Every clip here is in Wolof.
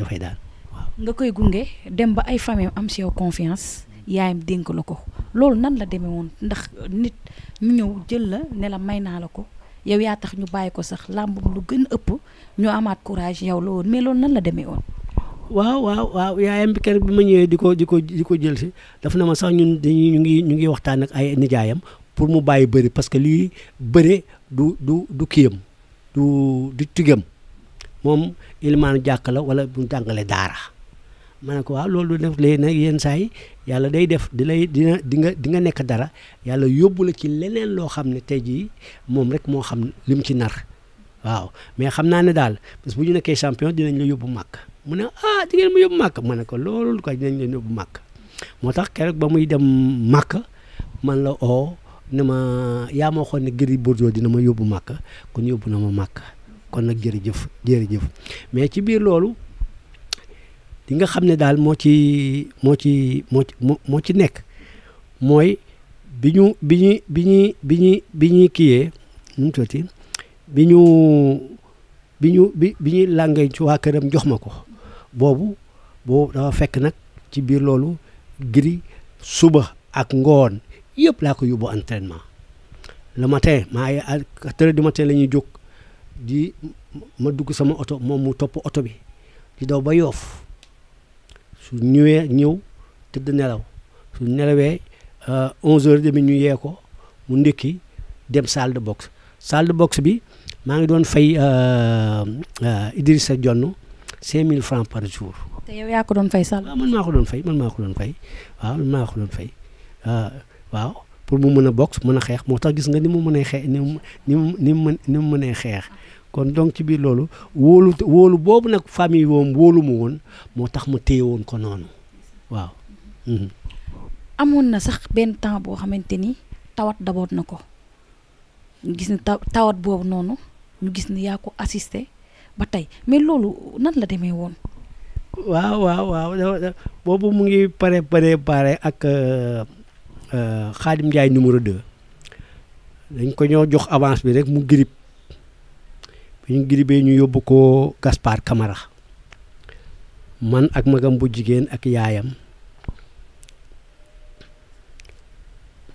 dafay daal waaw. nga koy gunge dem ba ay famille am si yow confiance yaayam dénk la ko loolu nan la demee woon ndax nit ñu ñëw jël la ne la may naa la ko yow yaa tax ñu bàyyi ko sax làmbam lu gën ëpp ñoo amaat courage yow la woon mais loolu nan la demee woon. waaw waaw waaw yaayam bi keroog bi ma ñëwee di ko di ko di ko jël si daf na ma sax ñun dañuy ñu ngi ñu ngi waxtaan ak ay nijaayam pour mu bàyyi bëri parce que lii bëre du du du kiyam du du moom ilmaanu jàkk la wala bu jàngale daara ma ne ko waaw loolu def léegi nag yenn saa yàlla day def di lay dina di nga di nga nekk dara yàlla yóbbu la ci leneen loo xam ne tey jii moom rek moo xam li mu ci nar waaw mais xam naa ne daal parce que bu ñu nekkee champion dinañ la yóbbu màkk mu ne ah di ma yóbbu màkk ma ne ko loolu ko dinañ leen yóbbu màkk moo tax keroog ba muy dem màkk man la oo ne ma yaa ma waxoon ne Gris Bordeaux dina ma yóbbu màkk kon yóbbu na ma màkk kon nag jërëjëf jërëjëf mais ci biir loolu li nga xam ne daal moo ci moo ci moo moo ci nekk mooy bi ñu bi bi ñuy bi ñuy bi ñuy kiyee bi ñu bi ñu bi ñuy làngee ci waa këram jox ma ko boobu boobu dafa fekk nag ci biir loolu giri suba ak ngoon yëpp laa ko yóbbu entraînement le matin maa ay quatre du matin la ñuy jóg di ma dugg sama oto moom mu topp oto bi di daw ba yoof su ñëwee ñëw tëdd nelaw su nelawee euh, onze heures demi ñu yee ko mu ndékki dem salle de boxe salle bi maa ngi doon fay euh, euh, Idrissa Jonn cinq mille francs par jour. te yow yaa ko doon fay salle. waaw man maa ko doon fay man maa ko doon fay waaw man maa ko doon fay waaw. pour mu mën a box mën a xeex moo tax gis nga ni mu mënee xeex ni mu ni mu ni mu ni mu mënee xeex kon donc ci biir loolu wóolu wóolu boobu nag famille woom wóolu mu woon moo tax mu téye woon ko noonu waaw. Mhm. amoon na sax benn temps boo xamante ni tawat daboot na ko ñu gis ni tawat boobu noonu ñu gis ni yaa ko assisté ba tey mais loolu nan la demee woon. waaw waaw waaw boobu mu ngi pare pare pare ak. Euh, Xaadim euh, Ndiaye numéro 2 dañ ko ñoo jox avance bi rek mu girib bi ñu giribee ñu yóbbu ko Gaspard Camara man ak magam bu jigéen ak yaayam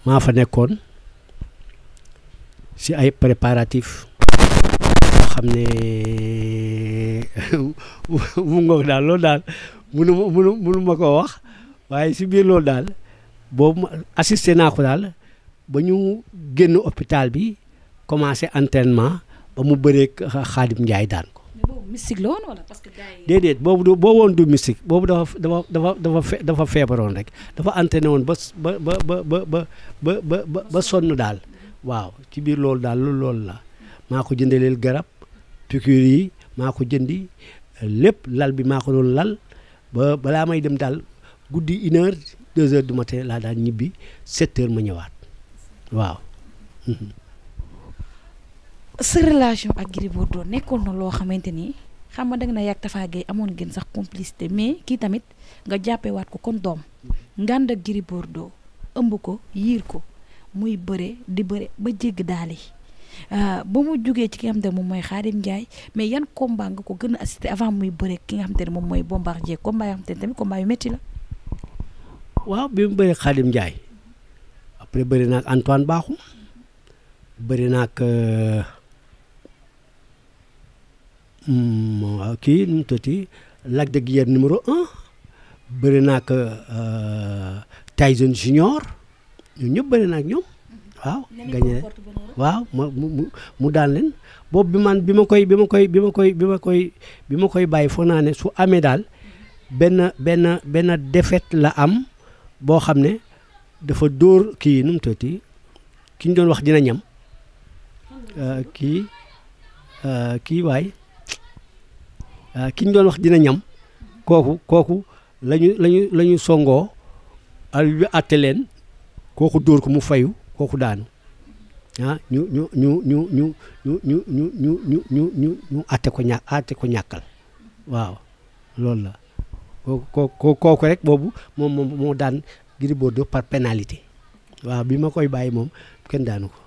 maa fa nekkoon si ay préparatif yoo xam ne mu ngoog daal loolu daal munu munu munu ma ko wax waaye si biir loolu daal. boobu assisté naa ko daal ba ñu génn hôpital bi commencé entennement ba mu bëree Xaadim Njaay daan ko. mais parce que gars déedéet boobu du boo woon du mystique boobu dafa dafa dafa dafa dafa feebaroon rek dafa entraîné woon ba ba sonn daal waaw ci biir loolu daal loolu la maa ko leen garab piqûre yi maa ko jëndi lépp lal bi maa ko doon lal ba balaa may dem daal guddi une deux heures du matin laa daan ñibbi sept heures ma ñëwaat waaw. Mhm. sa relation ak Gris nekkoon na loo xamante ni xam nga danga na yàgg Tapha Gueye amoon ngeen sax complicité mais kii tamit nga jàppewaat ko kon doom mhm. ngànd ak Gris ëmb ko yiir ko muy bëre di bëre ba jégg daali euh, ba mu jugee ci ki nga xam te ne mooy Khadim Ndiaye mais yan combat nga ko gën a assisté avant muy bëre ki nga xam te ne moom mooy Bombardier combat yoo xam te ne tamit combat yu métti la. waaw bi mu bëri Xaadim Ndiaye après bëri naag Antoine Baaxum bëri naag euh, hmm, kii nu mu de Guiers numéro un bëri naag euh, Tyson Junior ñun ñëpp bëri naag ñoom waaw. Mm-hmm. gañe waaw mu mu mu daan leen boobu bi man bi ma koy bi ma koy bi ma koy bi ma bàyyi foog naa ne su amee daal mm-hmm. benn benn benn defet la am. boo xam ne dafa dóor kii nu mu tuuti ki ñu doon wax dina ñam kii kii waay ki ñu doon wax dina ñam kooku kooku lañu lañu la ñu songoo al bi àtte leen kooku dóor ko mu fayu kooku daanu ah ñu ñu ñu ñu ñu ñu ñu ñu ñu ñu ñu ñu àtte ko ñàkk àtte ko ñàkkal waaw loolu la kooku kooku rek boobu moom moom moo daan Gris Bordeaux par pénalité waaw bi ma koy bàyyi moom kenn daanu ko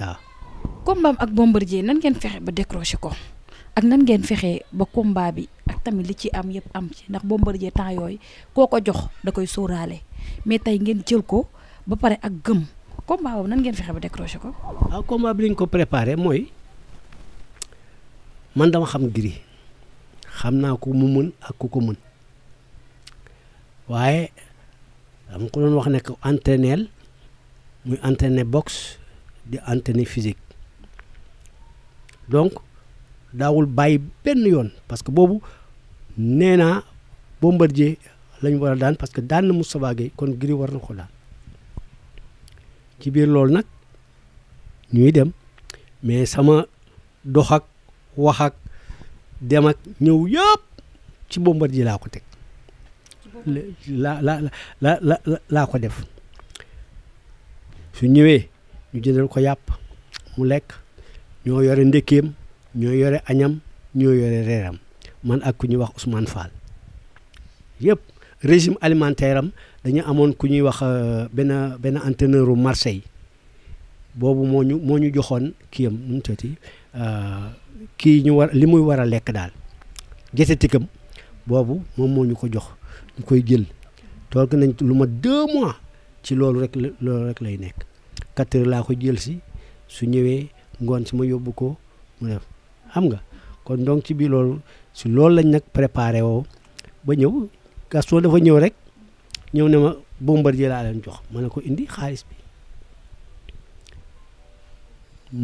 waaw. combat ak Bombardier nan ngeen fexe ba décroché ko ak nan ngeen fexe ba combat bi ak tamit li ci am yëpp am ci ndax Bombardier temps yooyu koo ko jox da koy sóoraale mais tey ngeen jël ko ba pare ak gëm combat boobu nan ngeen fexe ba décroché ko. waaw bi lañ ko préparé mooy man dama xam Gris xam naa ko mu mën ak ku ko mën. waaye dama ko doon wax ne ko entraîneel muy entraîner box di entraîner physique donc daawul bàyyi benn yoon parce que boobu nee naa Bombardier la ñu war a daan parce que daan na Moustapha Gueye kon Gris war na ko daan ci biir loolu nag ñuy dem mais sama dox ak wax ak dem ak ñëw yëpp ci Bombardier laa ko teg. laa la la la laa ko def su ñëwee ñu jëndal ko yàpp mu lekk ñoo yore ndékkeem ñoo yore añam ñoo yore reeram man ak ku ñuy wax Ousmane Fall yëpp régime alimentaire am dañu amoon ku ñuy wax euh, benn benn entraîneur u Marseille boobu moo ñu moo ñu joxoon kii am nu mu tëti euh, kii ñu war li muy war a lekk daal gëstu tikam boobu moom moo ñu ko jox ñu koy jël toog nañ lu ma deux mois ci loolu rek loolu rek lay nekk quatre laa ko jël si su ñëwee ngoon si ma yóbbu ko mu def xam nga kon donc ci biir loolu si loolu lañ nag préparé woo ba ñëw Gaston dafa ñëw rek ñëw ne ma Bombardier laa leen jox ma ne ko indi xaalis bi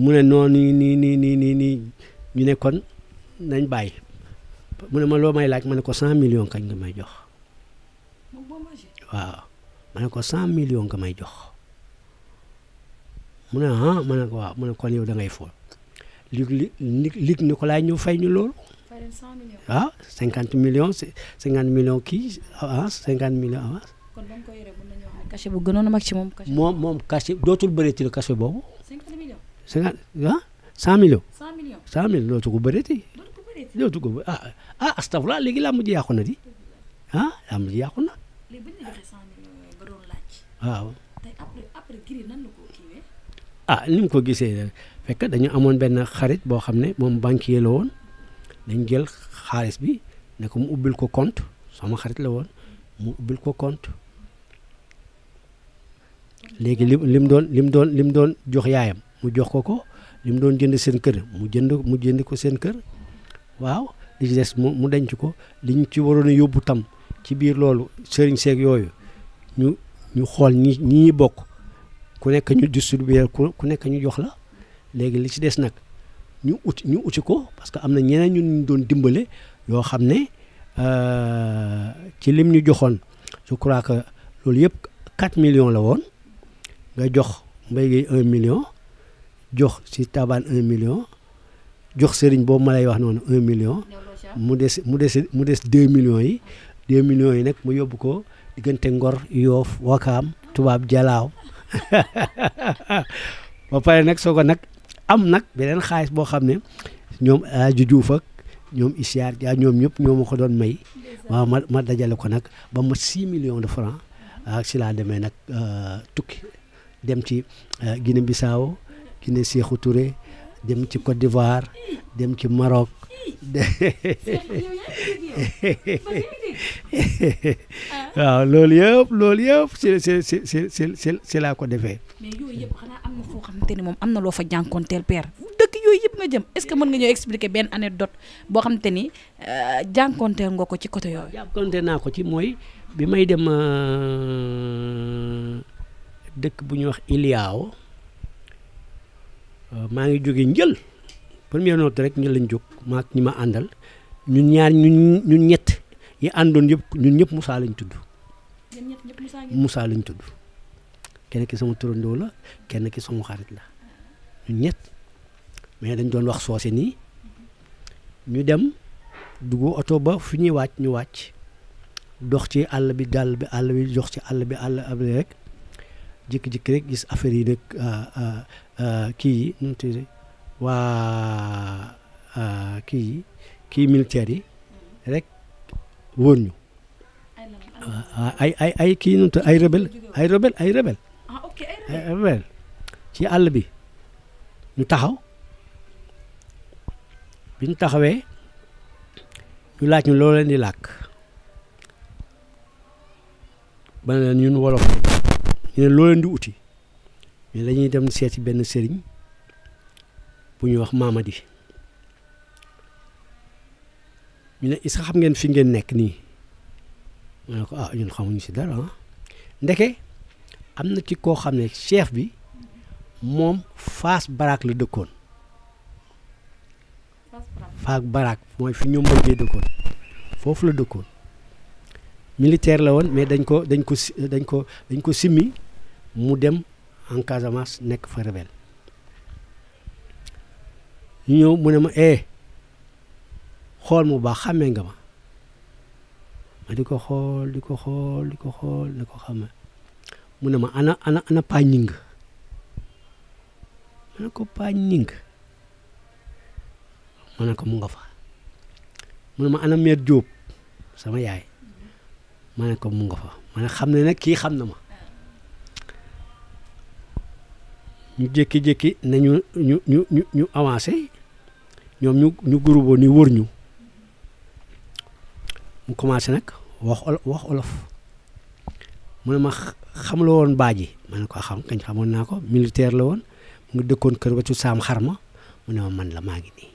mu ne noonu nii nii nii nii nii ñu nekkoon nañ bàyyi mu ne ma loo may laaj ma ne ko cent million kañ nga may jox waaw ma ne ko cent millions nga may jox mu mu ne ah? kon yow da ngay lig lig ni fay ñu loolu waaw ah, cinquante millions cinquante millions kii avance ah, cinquante millions avance cachet bu gënoon a moom. moom dootul bëreeti la cachet boobu. cinquante millions. cinquante ah cent millions. cent millions cent mille ah ah astafurlah léegi laa mujj yàqu na di ah laa mujj yàqu léegi waaw tey ah, ni mu ko gisee fekk dañu amoon benn xarit boo xam ne moom banquier la woon dañ jël xaalis bi ne ko mu ubbil ko compte sama xarit la woon mu ubbil ko compte léegi li li mu doon li mu doon li doon jox yaayam mu jox ko ko li mu doon jënd seen kër mu jënd mu jënd ko seen kër waaw li ci des mu denc ko li ñu ci waroon a yóbbu tam. ci biir loolu sëriñ seek yooyu ñu ñu xool ñi ñi bokk ku nekk ñu distribuer ku nekk ñu jox la léegi li si des nag ñu uti ñu uti ko parce que am na ñeneen ñun doon dimbale yoo xam ne euh, ci lim ñu joxoon je crois que loolu yëpp 4 million la woon nga jox mbay gi 1 million jox si tabaan un million jox sëriñ boobu ma lay wax noonu un million mu des mu des mu des 2 millions yi 2 millions yi nag mu yóbbu ko diggante Ngor Yoof Wakaam tubaab Jalaaw ba pare nag soo ko nag am nag beneen xaalis boo xam ne ñoom aju Juuf ak ñoom Isiar Dia ñoom ñëpp ñoo ma ko doon may waaw ma ma dajale ko nag ba ma 6 millions de francs ak si laa demee nag euh, tukki dem ci euh, Guinée Bissau Guinée Sékou Touré dem ci Côte d'Ivoire dem ci Maroc Ah. waaw loolu yëpp loolu yëpp si si si si si laa ko defee. mais yooyu yëpp am na moom am na loo fa jànkoonteel père dëkk yooyu yëpp nga jëm est-ce que mën nga ñoo expliquer benn anecdote boo xamante ni euh, jànkoonteel nga ko ci côté yooyu. jànkoonteel naa ko ci mooy bi may dem euh, dëkk bu ñuy wax Iliao euh, maa ngi jóge njël. première note rek ñu lañ jóg maak ñi ma àndal ñun ñaar ñun ñett yi àndoon yëpp ñun ñëpp Moussa lañ tudd. Moussa lañ tudd kenn ki sama turandoo la kenn ki sama xarit la ñun ñett mais dañ doon wax soose nii ñu dem dugg oto ba fu ñuy wàcc ñu wàcc dox ci àll bi dàll bi àll bi dox ci àll bi àll bi rek jékki-jékki rek gis affaire yi nag euh, euh, euh, kii yi nu waa euh, kii kii militaires yi rek wóor ñu ay ay ay kii nu ay rebel ay rebel ay rebel ah, ci àll bi ñu taxaw bi ñu taxawee ñu laaj ñu loo leen di làkk ba ne leen ñun wolof ñu ne loo leen di uti mais dañuy dem seeti benn sëriñ bu ñuy wax maamadi ñu ne est xam ngeen fi ngeen nekk nii ma ne ko ah ñun xamuñu si dara ndeke am na ci koo xam ne chef bi moom Fass Baraak la dëkkoon Fass Baraak mooy fi ñoom mbëggee dëkkoon foofu la dëkkoon militaire la woon mais dañ ko dañ ko dañ ko dañ ko simmi mu dem en nekk fa rebelle ñu ñëw mu ne ma eh xool mu baax xàmmee nga ma ma di ko xool di ko xool di ko xool di ko xàmme mu ne ma ana ana ana paa ñing ma ne ko paa ñing ma ne ko mu nga fa mun ne ma ana meer Jóob sama yaay ma ne ko mun nga fa ma ne xam ne nag kii xam na ma ñu jékki-jékki nañu ñu ñu ñu ñu avancé ñoom ñu ñu guruboo nii wër ñu mu commencé nag wax olof wax olof mu ne ma xam la woon baaji ma ne ko xam kañ xamoon naa ko militaire la woon mu ngi dëkkoon kër wetu saam xar ma mu ne ma man la maa ngi nii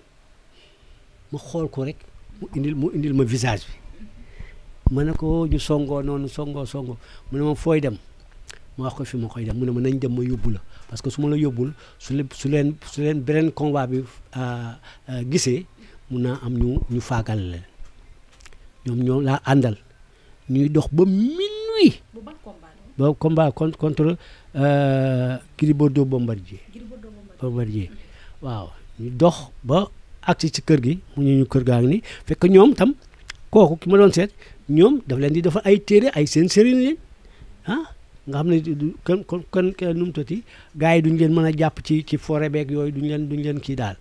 ma xool ko rek mu indil mu indil ma visage bi ma ne ko ñu songoo noonu songoo songoo mu ne ma fooy dem ma wax ko fi ma koy dem mu ne ma nañ dem ma yóbbu la parce que su ma la yóbbul su leen su leen su beneen convoi bi euh, euh, gisee mun naa am ñu ñu faagal leen ñoom ñoo laa àndal ñuy dox ba minuit. ba combat contre contre euh, Gris Bordeaux Bombardier. Bombardier waaw ñu dox ba agsi ci kër gi mu ñu ñu kër gaa ngi ni fekk ñoom tam kooku ki ma doon seet ñoom daf leen di defal ay téere ay seen sëriñ leen nga xam ne kon kon kon nu mu tëti gars yi duñ leen mën a jàpp ci ci forêt beeg yooyu duñ leen duñ leen kii daal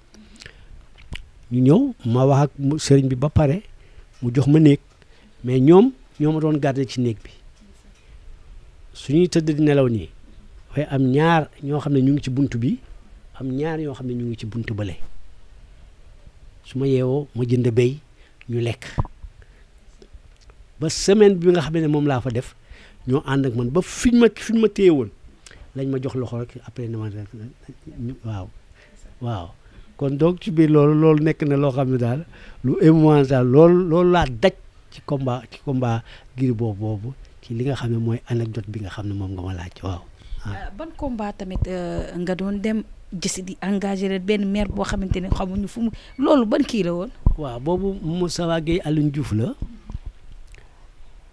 ñu ñëw ma wax ak sëriñ bi ba pare mu jox ma néeg mais ñoom ñoo ma doon garder ci néeg bi su ñuy tëdd di nelaw nii waaye am ñaar ñoo xam ne ñu ngi ci bunt bi am ñaar ñoo xam ne ñu ngi ci bunt bële su ma yeewoo ma jënd béy ñu lekk ba semaine bi nga xam ne moom laa fa def ñoo ànd ak man ba fiñ ma fiñ ma téye woon lañ ma jox loxo rek après na ma waaw waaw kon donc ci biir loolu loolu nekk na loo xam ne daal lu émouvant daal loolu loolu laa daj ci combat ci combat Gris boobu boobu ci li nga xam ne mooy anecdote bi nga xam ne moom nga ma laaj waaw ah. euh, ban combat tamit euh, nga doon dem gis di engagé leen benn maire boo xamante ne xamuñu fu mu loolu ban kii la woon waaw boobu Moussa Gueye Alioune Diouf la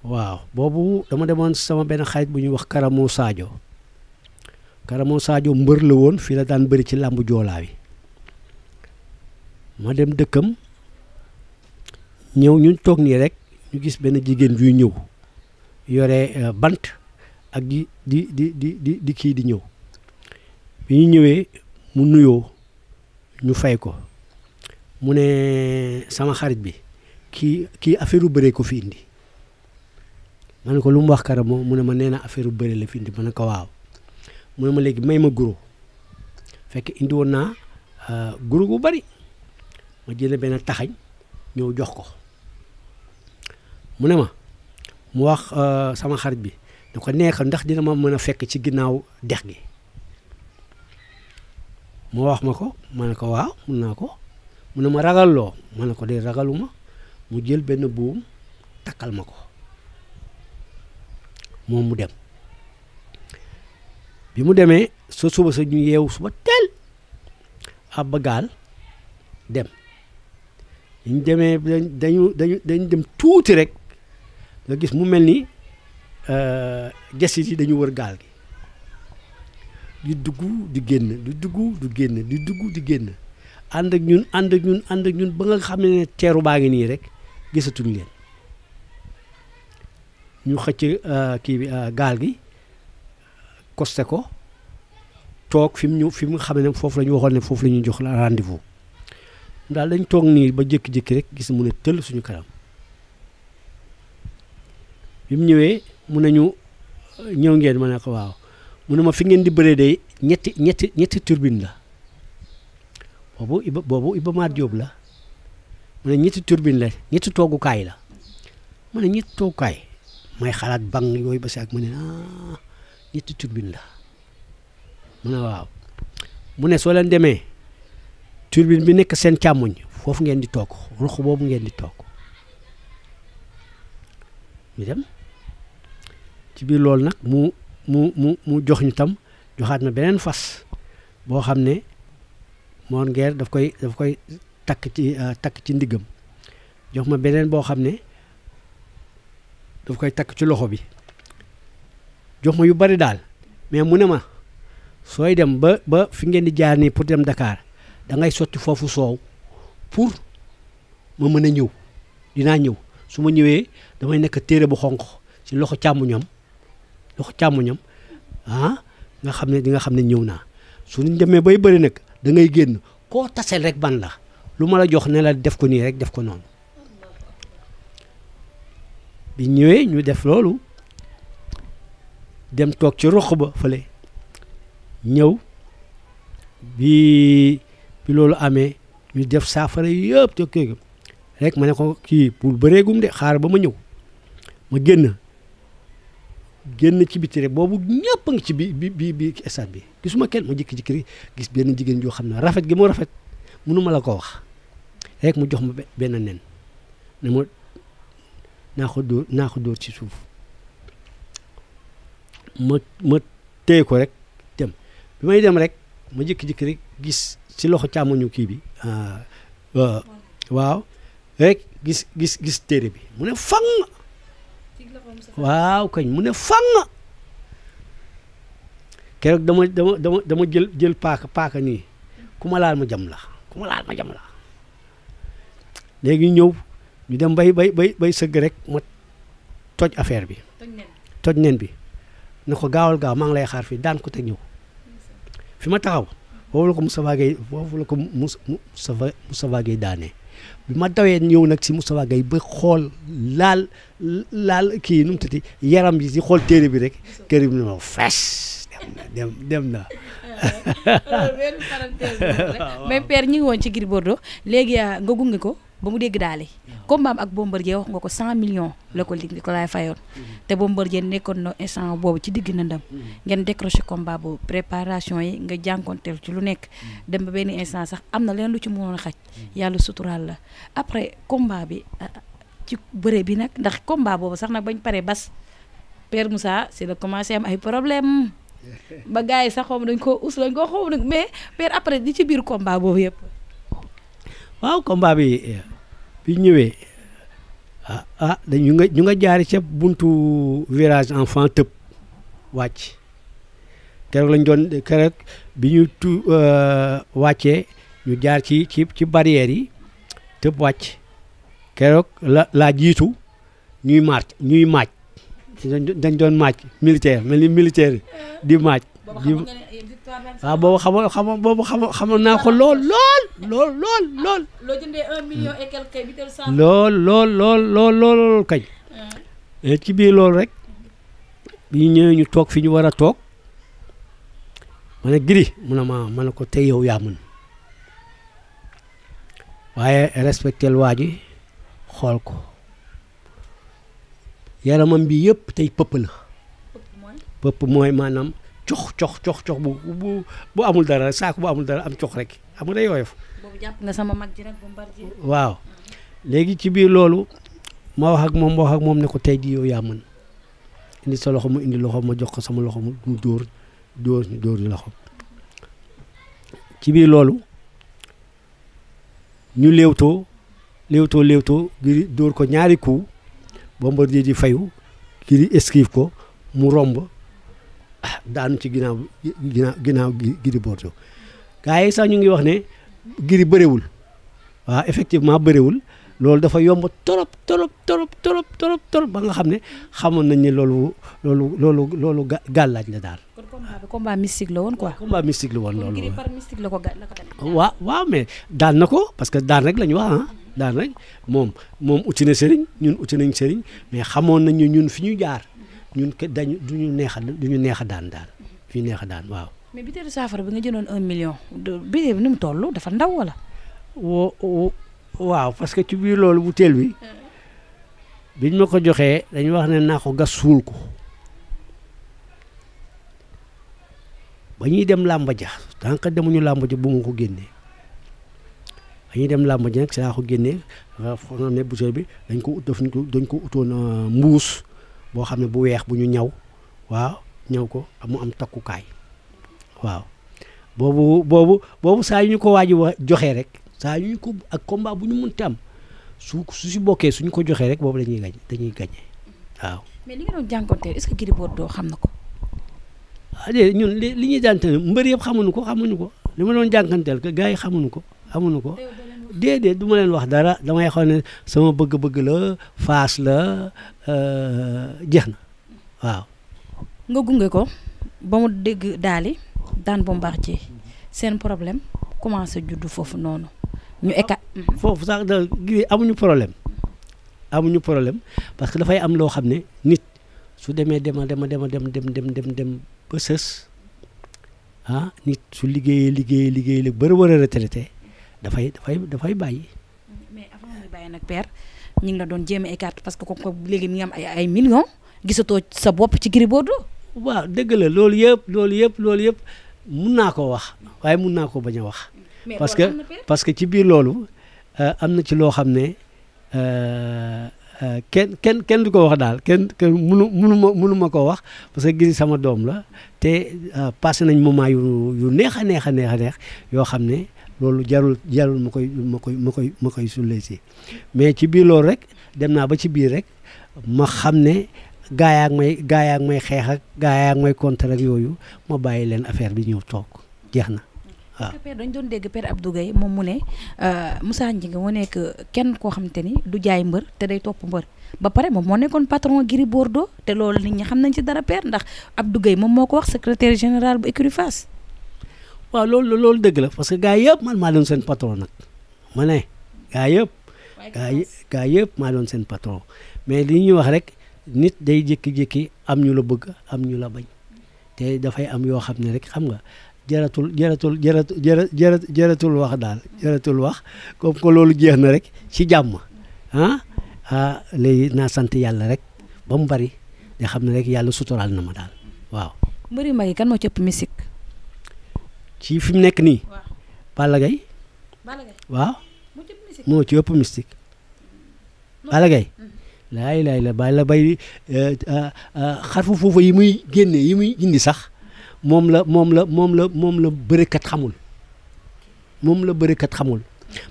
waaw boobu dama demoon sama benn xarit bu ñuy wax Karamo Sadio Karamo Sadio mbër la woon fii la daan bëri ci làmb joolaa yi ma dem dëkkam ñëw ñu toog nii rek ñu gis benn jigéen yuy ñëw yore euh, bant ak di di di di di di kii di ñëw bi ñu ñëwee mu nuyoo ñu fay ko mu ne sama xarit bi ki kii affaire u bëree ko fi indi ma ko lu mu wax kara moom mu ne ma nee na affaire bëri la fi indi ma ne ko waaw mu ne ma léegi may ma guro fekk indi woon naa euh, guro bu bari ma jënd benn taxañ ñëw jox ko mu ne ma mu wax euh, sama xarit bi da ko neexal ndax dina ma mën a fekk ci ginnaaw dex gi mu wax ma ko ma ne ko waaw mun naa ko mu ne ma ragalloo ma ne ko de ragaluma mu jël benn buum takkal ma ko moom mu dem bi mu demee sa suba sa ñu yeewu suba teel abba gaal dem ñu demee dañu dañu dañu dem tuuti rek nga gis mu mel ni jasit euh, yi dañu wër gaal gi di dugg di génn di dugg di génn di dugg di génn ànd ak ñun ànd ak ñun ànd ak ñun ba nga xam ne teeru baa ngi nii rek gisatuñ leen ñu xëcc euh, kii bi euh, gaal gi costé ko toog fi mu ñu fi mu xam ne foofu lañu waxoon ne foofu la ñuy jox la rendez-vous lañ toog nii ba jékki-jékki rek gis mu ne tëll suñu kanam bi mu ñëwee mun nañu ñu ñëw ngeen ma ne waaw mun na ma fi ngeen di bëree de ñetti ñetti ñetti turbine la boobu Iba boobu Iba Mar Diop la mu na ñetti turbine la ñetti toogukaay la mu ne ñetti toogukaay. may xalaat bang yooyu ba si ak ma ne ah ñetti turbine la mu ne waaw mu ne soo leen demee turbine bi nekk seen càmmoñ foofu ngeen di toog ruq boobu ngeen di toog ñu dem ci biir loolu nag mu mu mu mu jox ñu tam joxaat na beneen fas boo xam ne moon ngeer daf koy daf koy takk ci ah, takk ci ndiggam jox ma beneen boo xam ne daf koy takk ci loxo bi jox ma yu bari daal mais mu ne ma sooy dem ba ba fi ngeen di jaar nii pour dem Dakar da ngay sotti foofu soow pour ma mën a ñëw dinaa ñëw su ma ñëwee damay nekk téere bu xonq ci loxo càmmuñam loxo càmmuñam ah nga xam ne di nga xam ne ñëw naa su ñu demee bay bëri nag da ngay génn koo tasel rek ban la lu ma la jox ne la def ko nii rek def ko noonu. bi ñëwee ñu def loolu dem toog ci ruq ba fële ñëw bi bi loolu amee ñu def saafara yëpp te kii rek ma ne ko kii pour bëreegum de xaar ba ma ñëw ma génn génn ci biti rek boobu ñëpp a ngi ci bi bi bi bi stade bi gisuma kenn ma jékki-jékki gis benn jigéen joo xam ne rafet gi mu rafet mënuma la ko wax rek mu jox ma benn nen naa ko dóor naa ko dóor ci suuf ma ma téye ko rek dem bi may dem rek ma jékki-jékki rek gis ci loxo càmmoñu kii bi ah, waaw rek gis gis gis téere bi mu ne fang waaw kañ mu ne fang keroog dama dama dama dama jël jël paaka paaka nii ku ma laal ma jam la ku ma laal ma jam la léegi ñëw ñu dem bay bay bay bay sëgg rek ma toj affaire bi. toj nen bi na ko gaawal gaaw maa ngi lay xaar fii daan ko te ñëw fi ma taxaw foofu la ko Moustapha Gueye foofu la ko Moustapha Moustapha Gueye daanee bi ma dawee ñëw nag si Moustapha Gueye ba xool laal laal kii nu mu tëddee yaram bi si xool téere bi rek kër bi na ma fees dem dem na. benn parenthèse ñu woon ci Gris Bordeaux léegi ah, nga gunge ko ba mu dégg daale combat ak Bombardier wax nga ko cent million la ko lig ko laay fayoon te Bombardier nekkoon na instant boobu ci digg na ndam ngeen décroché combat boobu préparation yi nga jànkonteel ci lu nekk dem ba benn instant sax am na leen lu ci mënoon xaj yàlla suturaal la après combat bi ah, bëre bi nag ndax combat boobu sax nag bañ paree bas per Moussa si la commencé am ay problème ba gars yi sax xaw ma dañ koo us mais Père après di ci biir combat boobu yëpp waaw bi ñëwee ah ah dañu nga ñu nga jaar ca buntu virage enfant tëb wàcc keroog lañ doon keroog bi ñu tu euh, wàccee ñu jaar ci ci ci barrières yi tëb wàcc keroog la laa jiitu ñuy march ñuy maaj dañ doon maaj militaire mel ni militaire di maaj waaw boobu xamoon xamoon boobu xamoon xamoon naa ko lool lool lool lool lool. loo jëndee un million et quelque bi lool lool lool lool lool kañ. ci biir lool rek bi ñu ñëwee ñu toog fi ñu war a toog ma ne Gris mu ne ma ma ne ko tey yow yaa mën waaye respectel waa ji xool ko yaramam bi yëpp tey pëpp la. pëpp mooy maanaam. cox cox cox cox bu bu bu amul dara saako bu amul dara am cox rek xam nga day woyof. boobu na sama mag waaw léegi ci biir loolu moo wax ak moom ma wax ak moom ne ko tey jii yow yaa mën indi sa loxo mu indi loxo ma jox ko sama loxo mu dóor dóor ñu dóor ñu loxo ci biir loolu ñu léewtoo léewtoo léewtoo ngir dóor ko ñaari coup Bombardier di fayu ngir esquive ko mu romb. daanu ci ginaaw ginnaaw ginnaaw Gris Bordeaux gars yi sax ñu ngi wax ne Gris bëriwul waaw effectivement bëriwul loolu dafa yomb trop trop trop trop trop trop ba nga xam ne xamoon nañ ne loolu loolu loolu loolu gàllaaj la daal. kon combat bi combat la woon quoi. combat mystique la woon loolu. Gris la ko ga la ko demee. daan na ko parce que daan rek la wax ah. daan rek moom moom uti na sëriñ ñun uti nañ sëriñ mais xamoon nañ ñun fi ñu jaar. ñun ke dañu duñu neex a duñu neex a daan daal fi neex a daan waaw. mais butéelu saafara bi nga jëndoon un million bi ni mu toll dafa ndaw wala. parce que ci biir loolu butéel bi biñ ma ko joxee dañu wax ne naa ko gas suul ko ba ñuy dem làmba ja demuñu làmba ja bu ma ko génnee ba ñuy dem làmba ja nag si ko génnee ne butéel bi dañ ko ut dañ ko utoon euh, mbuus. boo xam ne bu weex bu ñu ñaw waaw ñaw ko mu am takkukaay waaw boobu boobu boobu saa yu ñu ko waaj wa joxee rek saa yu ñu ko ak combat bu ñu mënti am su su si bokkee suñu ko joxee rek boobu la ñuy gañ dañuy gañee waaw. mais li nga doon jànkuwanteel xam na ko. ah ñun li li ñuy jànkuwanteel mbër yëpp xamuñu ko xamuñu ko li ma doon jànkuwanteel que gars yi xamuñu ko nu ko. déedéet du ma leen wax dara damay xam ne sama bëgg-bëgg la faas la euh, jeex na waaw. nga gunge ko ba mu dégg daali daan Bombardier seen problème commencé juddu foofu noonu ñu eka ah, foofu sax da gi amuñu problème amuñu problème parce que dafay am loo xam ne nit su demee dema dema dema dem dem dem dem dem ba sës ah nit su liggéeyee liggéeyee liggéey la bërë war a retraité dafay dafay dafay bàyyi. mais avant muy nag père ñu ngi la doon jéem a parce que kooku léegi mi ngi am ay ay millions gisatoo sa bopp ci Gris Bordeaux. waaw dëgg la loolu yëpp loolu yëpp loolu yëpp mun naa ko wax waaye mun naa ko bañ a wax. parce que parce que ci biir loolu euh, am na ci loo xam ne euh, euh, kenn kenn kenn du ko wax daal kenn kenn munu munu ma munu ma wax parce que Gris sama doom la te passé nañ moment yu yu neex a neex neex a neex yoo xam ne. loolu jarul jarul ma koy ma koy ma koy ma koy sulle si mais ci biir loolu rek dem naa ba ci biir rek ma xam ne gaa yaag may gaa yaag may xeex ak gaa yaag may contre ak yooyu ma bàyyi leen affaire bi ñëw toog jeex na waaw. père dañ doon dégg père Abdou Guèye moom mu ne euh, Moussa Gningue moo nekk kenn koo xam ni du jaay mbër te day topp mbër ba pare moom moo nekkoon patron Gris Bordeaux te loolu nit ñi xam nañ ci dara per ndax Abdou Guèye moom moo ko wax secretaire général bu écurie waaw loolu la loolu dëgg la parce que gars yëpp man maa doon seen patron nag ma ne gars yëpp. gaa gaa yëpp maa doon seen patron mais li ñuy wax rek nit day jékki-jékki am ñu la bëgg am ñu la bañ te dafay am yoo xam ne rek xam nga jaratul jaratul jaratul jara jaratul wax daal jaratul wax comme que loolu jeex na rek ci jàmm ah ah léegi naa sant yàlla rek ba mu bari nga xam ne rek yàlla suturaal na ma daal waaw. ci fi mu nekk nii. Balla Gaye waaw moo ci ëpp mystique. Balla Gaye mm-hmm. laay laay la bay Gaye euh, euh, euh, xarfu foofu yi muy génne yi muy indi sax moom la moom la moom la moom la bërëkat xamul moom la bërëkat xamul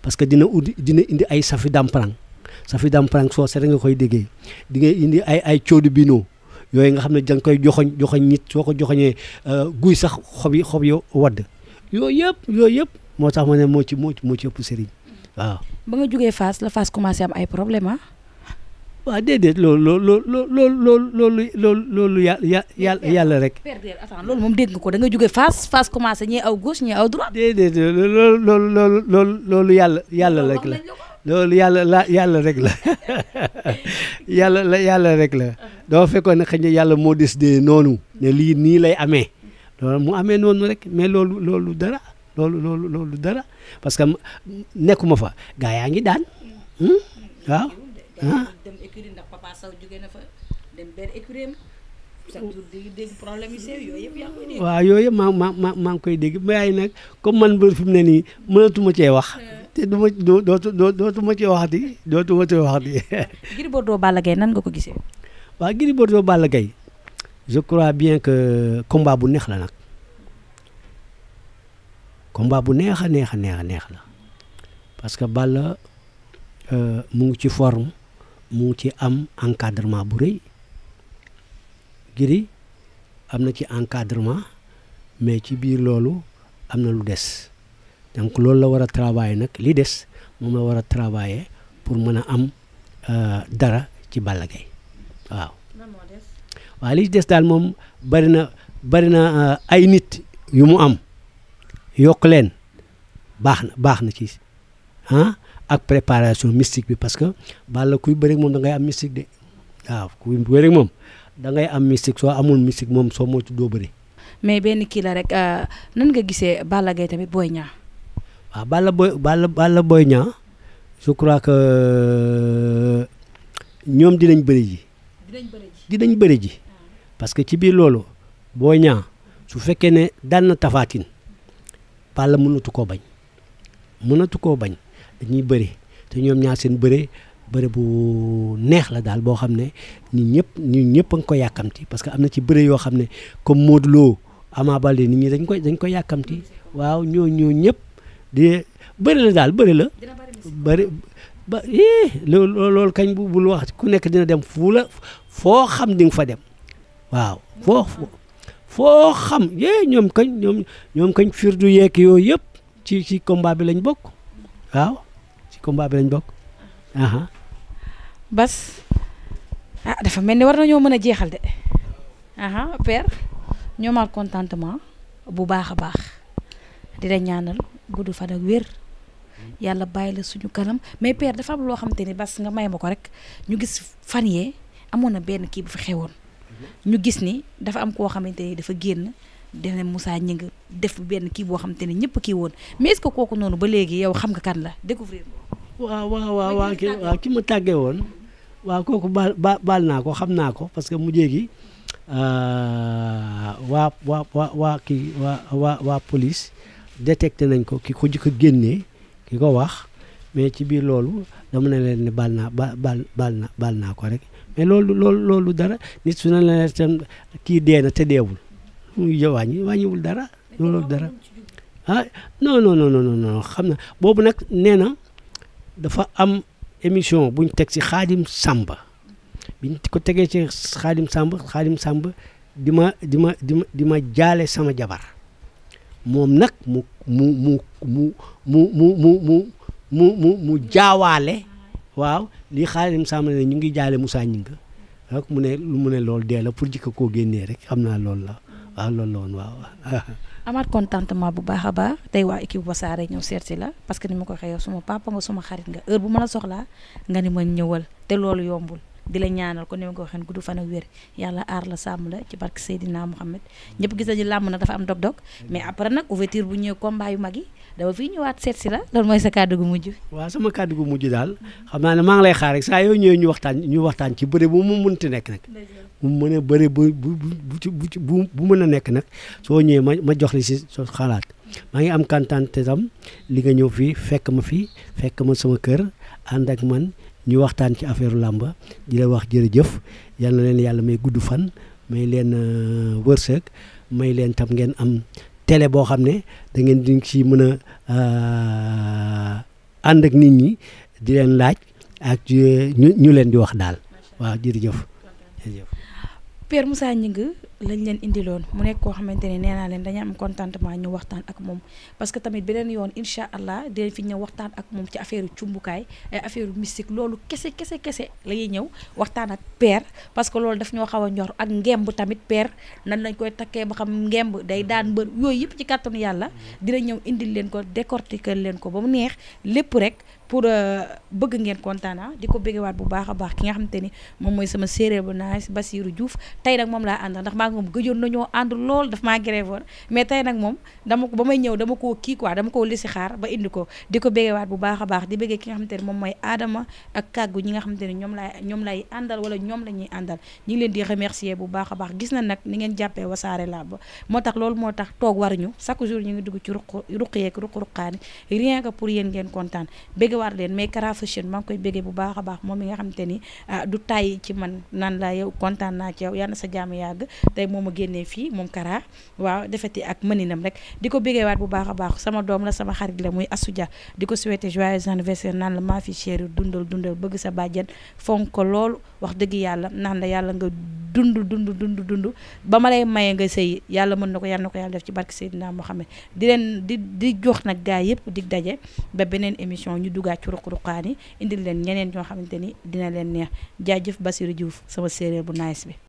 parce que dina ud dina indi ay safi damprang safi damprang soo seet nga koy déggee di ngay indi ay ay coodu binoo yooyu nga xam ne danga koy joxoñ joxoñ nit soo ko joxoñee guy sax xob yi xob yo wadd yooyu yëpp yooyu yëpp moo tax ma ne moo ci moo moo ci ëpp sëriñ waaw. ba nga jógee Fass la Fass commencé am ay problème ah. waaw déedéet loolu loolu loolu loolu loolu loolu loolu yàlla yàlla yàlla rek. perdre attends loolu moom dégg nga ko da nga jóge Fass Fass commencé ñii aw gauche ñii aw droite. déedéet loolu loolu loolu loolu loolu yàlla yàlla rek la loolu yàlla la yàlla rek la yàlla la yàlla rek la. doo fekkoon ne xëy na yàlla moo décidé noonu. ne lii nii lay amee. loolu mu amee noonu rek mais loolu loolu dara loolu loolu loolu dara parce que nekkuma fa gaa yaa ngi daan. Hmm? waaw ah ndax Papa Sow jóge na fa yooyu yëpp maa maa maa maa ngi koy dégg waaye nag comme man ba fi mu ne nii mënatuma cee wax euh. te du ma dootu dootuma cee waxati dootuma cee waxati. Gris Bordeaux Balla Gaye nan nga ko gisee. waaw Gris Bordeaux Balla Gaye je crois bien que combat bu neex la nag combat bu neex a neex a neex a neex la parce que Balla euh, mu ngi ci forme mu ngi ci am encadrement bu rëy Gris am na ci encadrement mais ci biir loolu am na lu des donc loolu la war a travailler nag li des moom la war a travailler pour mën a am euh, dara ci Balla Gaye waaw waa li ci des daal moom bari na bari na euh, ay nit yu mu am yokk leen baax na baax na ci ah ak préparation mystique bi parce que Balla kuy bëri moom da ngay am mystique de waaw kuy bëri moom da ngay am mystique soo amul mystique moom soo moytu doo bëri. mais benn kii la rek euh, nan nga gisee Balla Gaye tamit booy ñaa waa Balla Boy booy Balla Boy Niang je crois que euh, ñoom dinañ bëri ji. dinañ bëri ji dinañ bëri ji. parce que ci biir loolu boo Niang su fekkee ne daan na Tapha Tine Balla mënatu koo bañ mënatu koo bañ dañuy bëri te ñoom ñaar seen bëre bëre bu neex la daal boo xam ne ñun ñëpp ñun ñëpp a ngi ko yàkkamti parce que am na ci bëre yoo xam ne comme Modou Lo Ama Baldé nit ñi dañ koy dañ ko yàkkamti waaw ñoo ñoo ñëpp di bëri la daal bëri la bëri eh, loolu kañ bu bul wax ku nekk dina dem fu la foo xam di nga fa dem waaw foo foo xam yee ñoom kañ ñoom ñoom kañ firdu yeek yooyu yëpp ci ci combat bi lañ bokk waaw ci combat bi lañ bokk aha bas ah dafa mel ni war nañoo mën a jeexal de aha père ñoo contentement bu baax a baax di la ñaanal gudd fan ak wér yàlla bàyyi la suñu kanam mais père dafa am loo xam te ni bas nga may ma ko rek ñu gis fan yee amoon na benn kii bu fi xewoon ñu gis ni dafa am koo xamante ni dafa génn def ne Moussa Gningue def benn kii boo xamante ne ñëpp kii woon mais est-ce que kooku noonu ba léegi yow xam nga kan la découvrir waaw waaw waaw ki waaw tàggee woon waaw kooku baal baal naa ko xam naa ko parce que mujjee gi euh, waa waa waa waa kii waa waa police détecté nañ ko ki ko jëkk a ki ko wax mais ci biir loolu dama ne leen ne baal naa baal baal naa baal naa ko rek mais loolu loolu loolu dara nit su ne la tam kii dee na te deewul muy jëwaañi wàññiwul dara loolu dara ah non non non non non xam na boobu nag nee na dafa am émission bu ñu teg ci xaadim sàmba biñ ko tegee ci xaadim sàmba xaadim sàmba di ma di ma di ma di ma jaale sama jabar moom nag mu mu mu mu mu mu mu mu mu mu jaawaale waaw lii xaalim sàmm ne ñu ngi jaale Moussa Gningue ak mu ne mu ne loolu dee la pour jikko koo génnee rek xam naa loolu la waaw loolu la woon waaw. amaat contentement bu baax a baax tey waa équipe Wassare ñëw seet si la parce que ni ma ko waxee suma papa nga suma xarit nga heure bu ma la soxlaa nga ni ma ñëwal te loolu yombul di la ñaanal ko ni ma ko waxee gudd fan ak wér yàlla aar la sàmm la ci barke Seydina Mohamed ñëpp gis nañu làmm nag dafa am dog-dog mais après nag ouverture bu ñëwee combat yu mag yi. dama fii ñëwaat seet si la loolu mooy sa kàddu gu mujj waa sama kàddu gu mujj daal xam naa ne maa ngi lay xaar rek saa yoo ñëwee ñu waxtaan ñu waxtaan ci bëre bu mu mënti nekk nag bu mën a bëre bu bu bu bu mën a nekk nag soo ñëwee ma ma jox li si soo xalaat maa ngi am kantante tam li nga ñëw fii fekk ma fii fekk ma sama kër ànd ak man ñu waxtaan ci affaire làmba di lay wax jërëjëf yal na leen yàlla may gudd fan may leen euh, wërsëg may leen tam ngeen am télé boo xam ne da ngeen di ci mën a euh, ànd ak nit ñi di leen laaj ak ñu ñu leen di wax daal waaw jërëjëf jërëjëf Père Moussa Gningue lañ leen indiloon mu nekk koo xamante ne nee naa leen dañu am contentement ñu waxtaan ak moom parce que tamit beneen yoon incha allah dinañ fi ñëw waxtaan ak moom ci affaire cumbukaay ay eh, affaire mystique loolu kese kese kese la ñuy ñëw waxtaan ak père parce que loolu daf ñoo xaw a ñor ak ngemb tamit père nan lañ koy takkee ba xam ngemb day daan mbër yooyu yëpp ci kàttanu yàlla dinañ ñëw indil leen ko décortiquer leen ko ba mu neex lépp rek pour euh, bëgg ngeen kontaan ah di ko waat bu baax a baax ki nga xamante ni moom mooy sama séeréer bu naaj Basirou Diouf tey nag moom laa nañoo ànd lool daf maa grévoon mais tey nag moom may ñëw dama koo kii quoi dama koo lisi xaar ba indi ko di ko bëggewaat bu baax a baax di bëggee ki nga xamante ni moom mooy Adama ak kàggu ñi nga xamante ni ñoom laay ñoom lay àndal wala ñoom la ñuy àndal ñi ngi leen di remercier bu baax a baax gis na nag ni ngeen jàppee wasaare làmb moo tax loolu moo tax toog waruñu chaque jour ñu ngi dugg ci ruq ruq yeeg ruq ruqaani rien que pour yéen ngeen kontaan bëgg recevoir leen mais Kara Fashion maa ngi koy béggee bu baax a baax moom mi nga xamante ni ah, du tàyyi ci man naan la yow kontaan naa ci yow moom a génnee fii moom Kara waaw defeti ak mëninam rek di ko bu baax a baax sama doom la sama xarit la muy Asuja di ko souhaité joyeux anniversaire naan la maa fi chéri dundal dundal bëgg sa bàjjen wax dëgg yàlla naan la yàlla nga dund dund dund dund ba ma lay maye nga sëy yàlla mën na ko yàlla na ko yàlla def ci barke Seydina Mohamed di leen di di jox nag gaay yëpp dig daje ba beneen émission ñu dugal duggaat ci ruq-ruqaan yi indil leen ñeneen ñoo xamante ni dina leen neex jaajëf Basiru Diouf sama séeréer bu nice bi